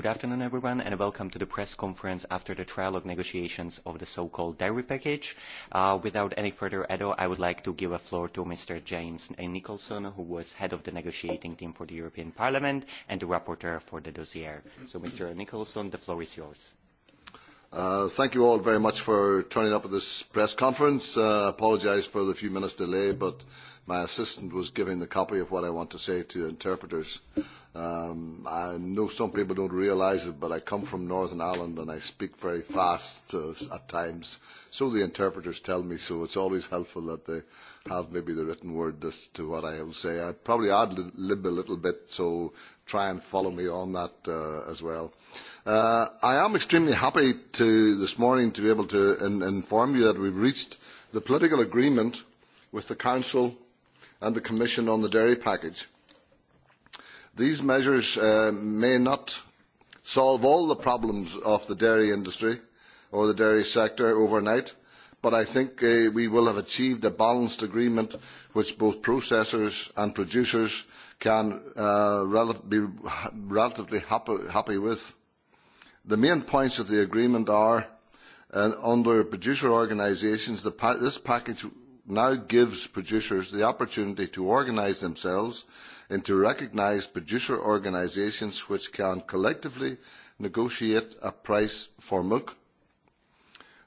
Good afternoon, everyone, and welcome to the press conference after the trilogue negotiations of the so-called dairy package. Without any further ado, I would like to give a floor to Mr. James Nicholson, who was head of the negotiating team for the European Parliament and the rapporteur for the dossier. So, Mr. Nicholson, the floor is yours thank you all very much for turning up at this press conference. I apologise for the few minutes delay, but my assistant was giving the copy of what I want to say to interpreters. I know some people don't realise it, but I come from Northern Ireland and I speak very fast at times. So the interpreters tell me so. It's always helpful that they have maybe the written word as to what I will say. I probably ad lib a little bit, so try and follow me on that as well. I am extremely happy this morning to be able to inform you that we have reached the political agreement with the Council and the Commission on the dairy package. These measures may not solve all the problems of the dairy industry or the dairy sector overnight, but I think we will have achieved a balanced agreement which both processors and producers can be relatively happy with. The main points of the agreement are under producer organisations, this package now gives producers the opportunity to organise themselves into recognised producer organisations which can collectively negotiate a price for milk.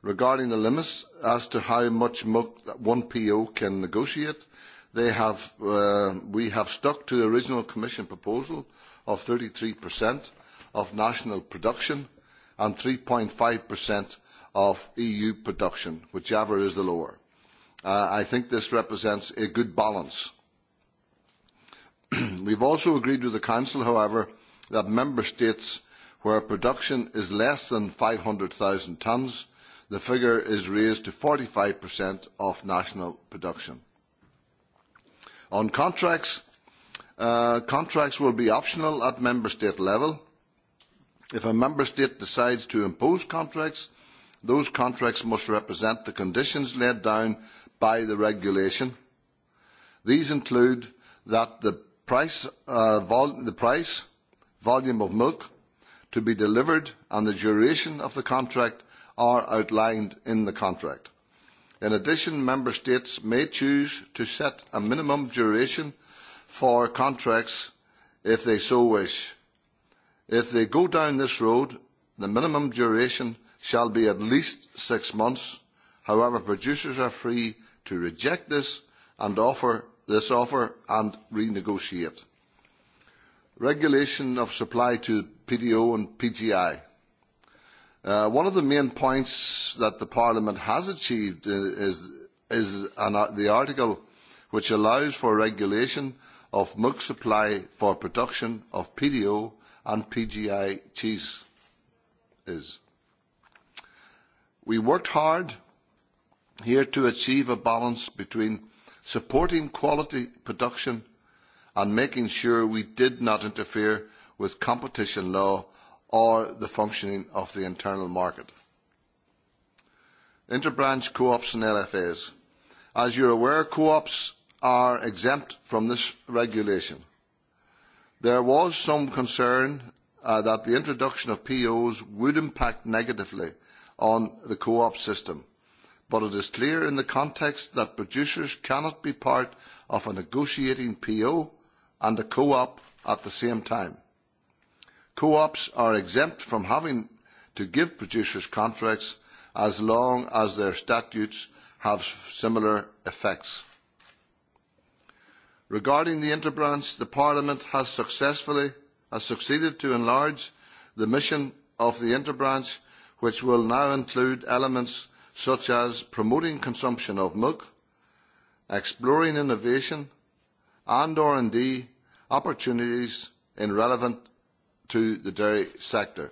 Regarding the limits as to how much milk one PO can negotiate, They have, uh, we have stuck to the original Commission proposal of 33% of national production and 3.5% of EU production, whichever is the lower. I think this represents a good balance. We have also agreed with the Council, however, that Member States where production is less than five 500,000 tonnes, the figure is raised to forty 45% of national production. On contracts, contracts will be optional at member state level. If a member state decides to impose contracts, those contracts must represent the conditions laid down by the regulation. These include that the price, volume of milk to be delivered and the duration of the contract are outlined in the contract. In addition, member states may choose to set a minimum duration for contracts if they so wish. If they go down this road, the minimum duration shall be at least six months. However, producers are free to reject this and offer this offer and renegotiate. Regulation of supply to PDO and PGI one of the main points that the Parliament has achieved is, the article which allows for regulation of milk supply for production of PDO and PGI cheese. We worked hard here to achieve a balance between supporting quality production and making sure we did not interfere with competition law or the functioning of the internal market. Interbranch co-ops and LFAs. As you are aware, co-ops are exempt from this regulation. There was some concern that the introduction of POs would impact negatively on the co-op system, but it is clear in the context that producers cannot be part of a negotiating PO and a co-op at the same time. Co-ops are exempt from having to give producers contracts as long as their statutes have similar effects. Regarding the interbranch, the Parliament has successfully has succeeded to enlarge the mission of the interbranch, which will now include elements such as promoting consumption of milk, exploring innovation and R&D opportunities in relevant to the dairy sector.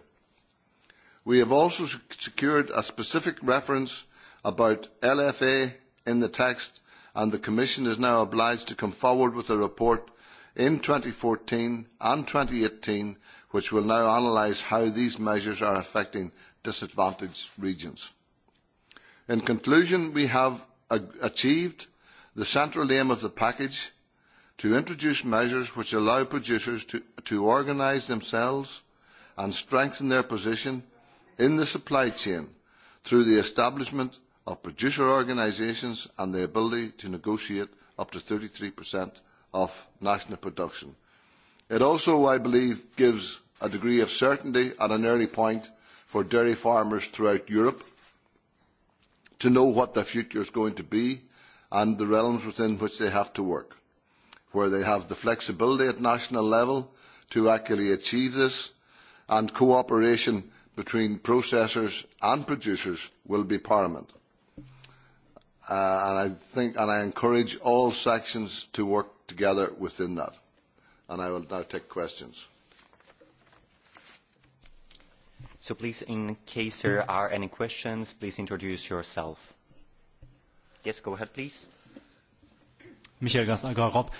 We have also secured a specific reference about LFA in the text, and the Commission is now obliged to come forward with a report in fourteen and eighteen, which will now analyse how these measures are affecting disadvantaged regions. In conclusion, we have achieved the central aim of the package to introduce measures which allow producers to organise themselves and strengthen their position in the supply chain through the establishment of producer organisations and the ability to negotiate up to thirty three of national production. It also, I believe, gives a degree of certainty at an early point for dairy farmers throughout Europe to know what their future is going to be and the realms within which they have to work where they have the flexibility at national level to actually achieve this, and cooperation between processors and producers will be paramount. I think, and I encourage all sections to work together within that. And I will now take questions. So please, in case there are any questions, please introduce yourself. Yes, go ahead, please. Michael Gasager, Rob.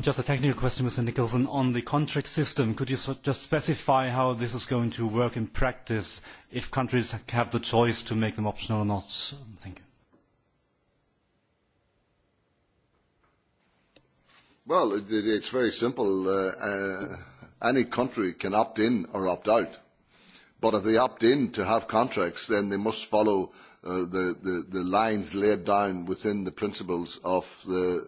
Just a technical question, Mr. Nicholson. On the contract system, could you just specify how this is going to work in practice if countries have the choice to make them optional or not? Thank you. Well, it's very simple. Any country can opt in or opt out. But if they opt in to have contracts, then they must follow the lines laid down within the principles of the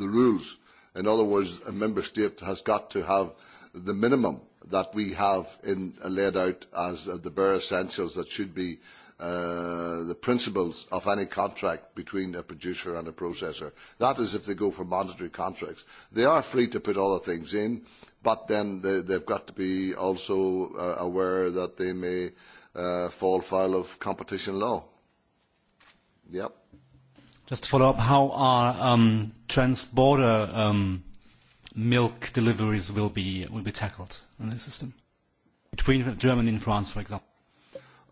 rules In other words, a member state has got to have the minimum that we have laid out as the bare essentials that should be the principles of any contract between a producer and a processor. That is if they go for monetary contracts. They are free to put other things in, but then they, have got to be also aware that they may fall foul of competition law. Yep. Just to follow up, how are transborder milk deliveries will be tackled in this system? Between Germany and France, for example.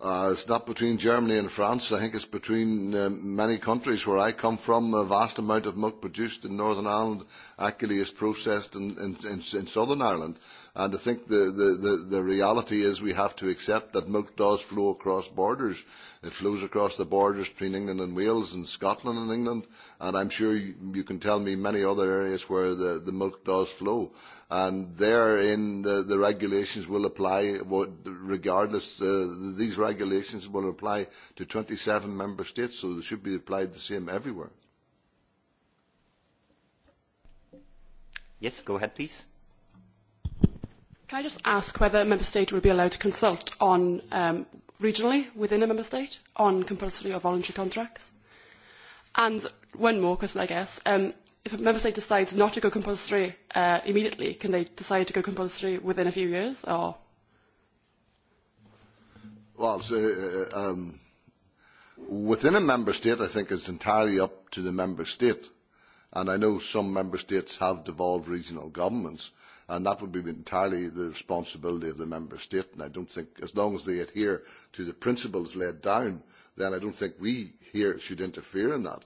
Uh, it's not between Germany and France. I think it's between uh, many countries. Where I come from, a vast amount of milk produced in Northern Ireland actually is processed in, in, in, in Southern Ireland. And I think the, the, the, the reality is we have to accept that milk does flow across borders. It flows across the borders between England and Wales and Scotland and England. And I'm sure you, you can tell me many other areas where the, the milk does flow. And therein the, the regulations will apply regardless. Uh, these regulations will apply to twenty seven member states, so they should be applied the same everywhere. Yes, go ahead, please. Can I just ask whether a member state will be allowed to consult on um, regionally within a member state on compulsory or voluntary contracts? And one more question, I guess. Um, if a member state decides not to go compulsory uh, immediately, can they decide to go compulsory within a few years or well, um, within a member state, I think it's entirely up to the member state. And I know some member states have devolved regional governments, and that would be entirely the responsibility of the member state. And I don't think, as long as they adhere to the principles laid down, then I don't think we here should interfere in that.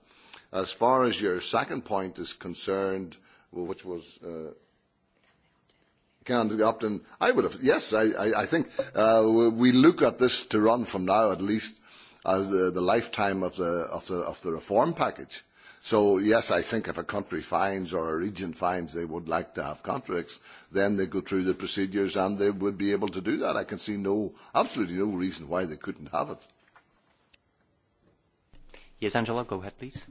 As far as your second point is concerned, which was uh, candidate opt-in. I would have, yes, I, I, I think uh, we look at this to run from now at least as the, the lifetime of the, of, the, of the reform package. So yes, I think if a country finds or a region finds they would like to have contracts, then they go through the procedures and they would be able to do that. I can see no, absolutely no reason why they couldn't have it. Yes, Angela, go ahead, please.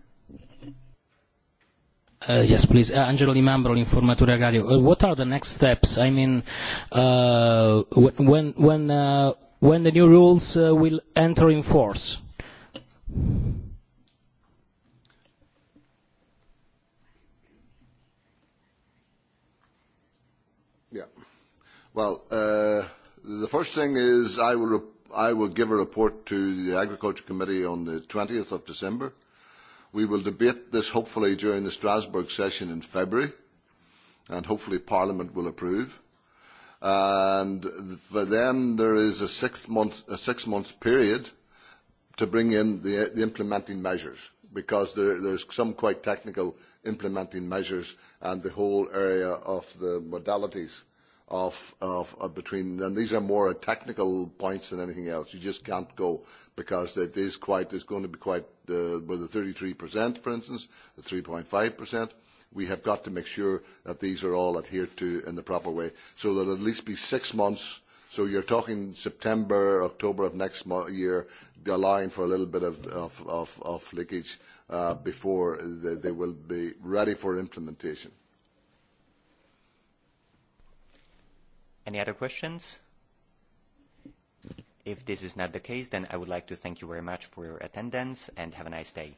Uh, yes, please. Uh, Angelo Di Mambro, Informatore Radio. Uh, what are the next steps? I mean, uh, when when uh, when the new rules uh, will enter in force? Yeah. Well, uh, the first thing is I will I will give a report to the Agriculture Committee on the 20th of December We will debate this hopefully during the Strasbourg session in February, and hopefully Parliament will approve. And for them, there is a six-month a six month period to bring in the, the implementing measures because there, there's some quite technical implementing measures and the whole area of the modalities of, of, of between, and these are more technical points than anything else. You just can't go because it is quite, it's going to be quite, uh, with the 33%, for instance, the 3.5%. We have got to make sure that these are all adhered to in the proper way, so that at least be six months. So you're talking September, October of next year, allowing for a little bit of, of, of, of leakage uh, before they, they will be ready for implementation. Any other questions? If this is not the case, then I would like to thank you very much for your attendance, and have a nice day.